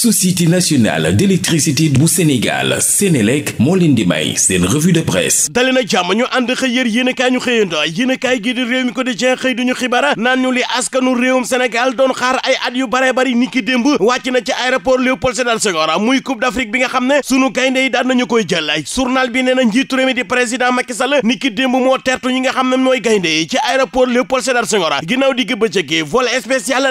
société nationale d'électricité bu Sénégal Sénélec moo leen di may seen revue de presse dali na jàmm ñu ànd xëy yër yéenekaay ñu xëyando yéenekaay gi di réew mi quotidien xëy xibara naan ñu li askanu réewum Sénégal doon xaar ay at yu bare bari ni ki démb wàcc na ci aéroport Léopold Sédar Senghor muy coupe d'Afrique bi nga xam ne sunu gaynde yi daan nañu koy jël journal bi nee na njiitu réew mi di président Macky Sall ni démb moo tertu ñi nga xam ne mooy gaynde yi ci aéroport Léopold Sédar Senghor ginnaaw digg bëccëg gi vol spécial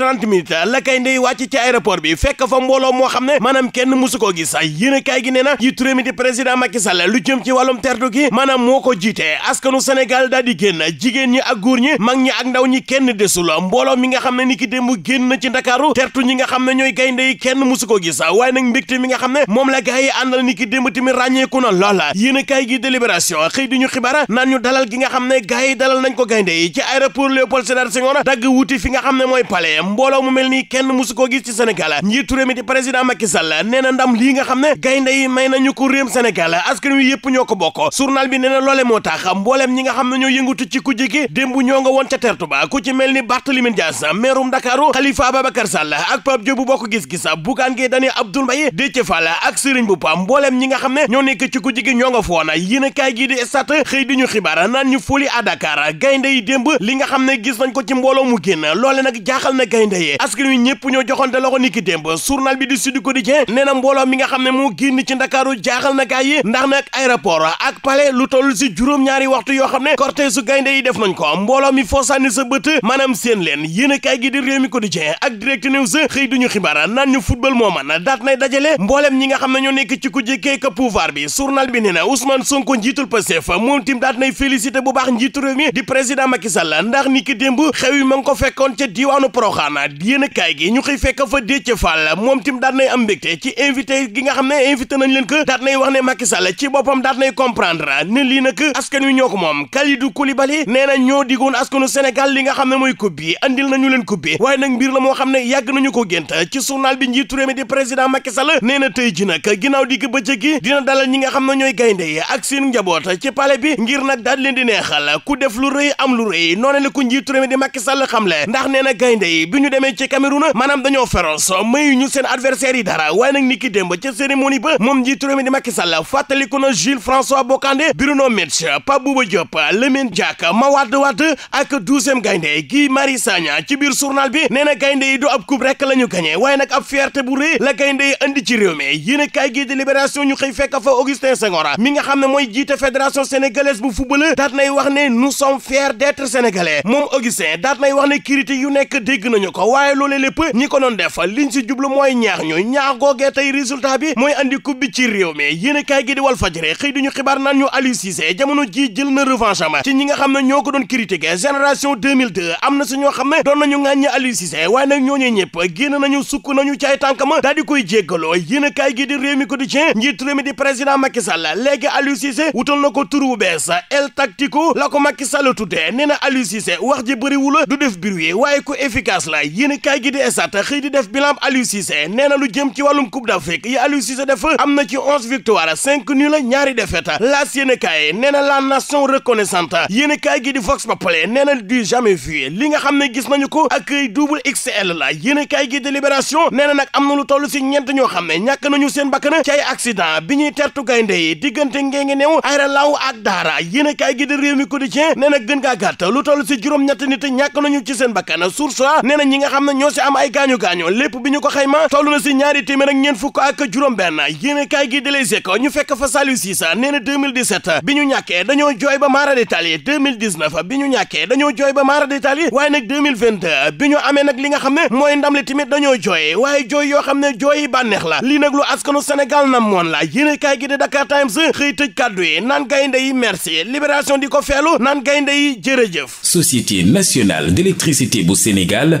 30 minutes la kay ndey wàcc ci aéroport bi fekk fa mbooloo moo xam ne maanaam kenn musu ko gis yéen kaay gi nee na yi turéemi di président Macky Sall lu jëm ci wàllum tertu gi maanaam moo ko jiitee askanu Sénégal daal di génn jigéen ñi ak góor ñi mag ñi ak ndaw ñi kenn desul mbooloo mi nga xam ne ni ki démb génn ci Ndakaaru tertu ñi nga xam ne ñooy gaynde yi kenn musu ko gis waaye nag mbégte mi nga xam ne moom la gars yi àndal ni ki démb tamit ràññeeku na ñu xibaar naan ñu dalal gi nga xam ne gars yi dalal nañ ko gaynde yi ci aéroport fi nga xam ne mooy palais mbooloo mu mel ni kenn musu koo gis ci Sénégal njiitu réew mi di président Macky Sall nee na ndam lii nga xam ne gaynde yi may nañu ko réewum Sénégal askan wi yëpp ñoo ko bokk journal bi nee na loole moo tax mbooleem ñi nga xam ne ñoo yëngatu ci ku jigi démb ñoo nga woon ca tertu ba ku ci mel ni Barthélémy Dias meerum Dakaaru Khalifa Ababacar Sall ak Pape Diop bu bokk gis-gis Bougane Gueye Dany Abdoul Mbaye Déthié Fall ak Serigne Mboup mbooleem ñi nga xam ne ñoo nekk ci ku jigi ñoo nga foona yéen a kaay yi démb li nga xam ne gis nañ ko ci mbooloo mu génn loole nag jaaxal na kay ndeyee askan wi ñëpp ñoo joxante loxo niki démb journal bi di Sud Quotidien nee na mbooloo mi nga xam ne moo génn ci ndakaaru jaaxal na gaay yi ndax nag aéroport ak palais lu toll si juróom-ñaari waxtu yoo xam ne cortège gaynde yi def nañ ko mbooloo mi foosaani sa bët maanaam seen leen yéen a gi di réew mi Quotidien ak direct news xëy duñu xibaar naan ñu football moo man daat nay dajale mbooleem ñi nga xam ne ñoo nekk ci ku jëkkee ka pouvoir laana yéen kaay gi ñu xëy fekk fa Déthié Fall moom tim daat nay am mbégte ci invité gi nga xam ne invité nañ leen ko daat nay wax ne Macky Sall ci boppam daat nay comprendre ne lii nag askan wi ñoo ko moom Kalidou Koulibaly nee na ñoo digoon askanu Sénégal li nga xam ne mooy coupe bi andil nañu leen coupe bi waaye nag mbir la moo xam ne yàgg nañu ko gént ci journal bi njiitu réew mi di président Macky Sall nee na tey di nag ginnaaw digg dina dalal ñi nga xam ne ñooy gaynde yi ak seen njaboot ci nag daal leen di neexal ku def lu rëy am lu rëy noonu la ko njiitu réew mi di Macky bi ñu demee ci dañoo féroce mayu ñu seen adversaire yi dara waaye nag ni ki démb ca cérémonie ba moom njiitu réew mi di Macky Sall fàttaliku na Jules François Bocandé Bruno Metsch Pape Bouba Diop Lamine Diack Mawade Wade ak douzième gaynde Guy Marius Sagna ci biir journal bi nee na gaynde yi du ab coupe rek la ñu gagné waaye nag ab fierté bu rëy la gaynde yi andi ci réew mi yéen a kaay gi di libération ñu xëy fekk fa Augustin Senghor mi nga xam ne mooy jiite fédération sénégalaise bu football daat nay wax ne nous sommes moom Augustin daat nay wax ne critique yu nekk dégg nañu ko waaye loolee lépp ñi ko doon def liñ si jublu mooy ñaax ñu ñaax googee tey résultat bi mooy andi coupe bi ci réew mi yéen kaay gi di Walf Fadjri xëy ñu xibaar naan ñu ali Cissé jamono ji jël na revanche am ci ñi nga xam ne ñoo ko doon critiquer génération 2002 am na si ñoo xam ne doon nañu ŋàññi Aliou Cissé waaye nag ñooñu ñëpp génn nañu sukk nañu caay tànkam daal di koy jéggaloo yéen kaay gi di Rewmi Quotidien njiit réew mi di président Macky Sall léegi Aliou Cissé wutal na ko tur wu bees El Tactico la ko Macky Sall tuddee nee na Aliou Cissé wax ji bëriwul du def biir yi waaye ku la Taala yéen a kaay gi di esat xëy di def bilan Aliou Cissé nee lu jëm ci wàllum Coupe d'Afrique yi Aliou Cissé def am na ci onze victoire cinq nul la ñaari défaite laas yéen a nee na la nation reconnaissante yéen a kaay gi di Vox Populi nee na du jamais vu li nga xam ne gis nañu ko ak double XL la yéen a kaay gi di Libération nee na nag am na lu toll si ñent ñoo xam ne ñàkk nañu seen bakkan ci ay accident bi ñuy tertu gaynde yi diggante ngenge neew ayra law ak daara yéen a kaay gi di Rewmi Quotidien nee na gën gaa gàtt lu toll si juróom-ñett nit ñàkk nañu ci seen bakkan na ñi nga xam ne ñoo si am ay gaañu-gaañu lépp bi ñu ko xayma toll na si ñaari téeméer ak ñeen fukk ak juróom benn yéen kaay gi de Les Échos ñu fekk fa Saliou Cissé nee na 2017 bi ñu ñàkkee dañoo jooy ba maara détaali 2019 bi ñu ñàkkee dañoo jooy ba maara détaali waaye nag bi ñu amee nag li nga xam ne mooy ndam li tamit dañoo jooy waaye jooy yoo xam ne jooy bànneex la lii nag lu askanu Sénégal nam moon la yéen kaay gi de Dakar Times xëy tëj kàddu yi naan gaynde yi merci libération di ko feelu naan gaynde yi jërëjëf société nationale d'électricité bu Sénégal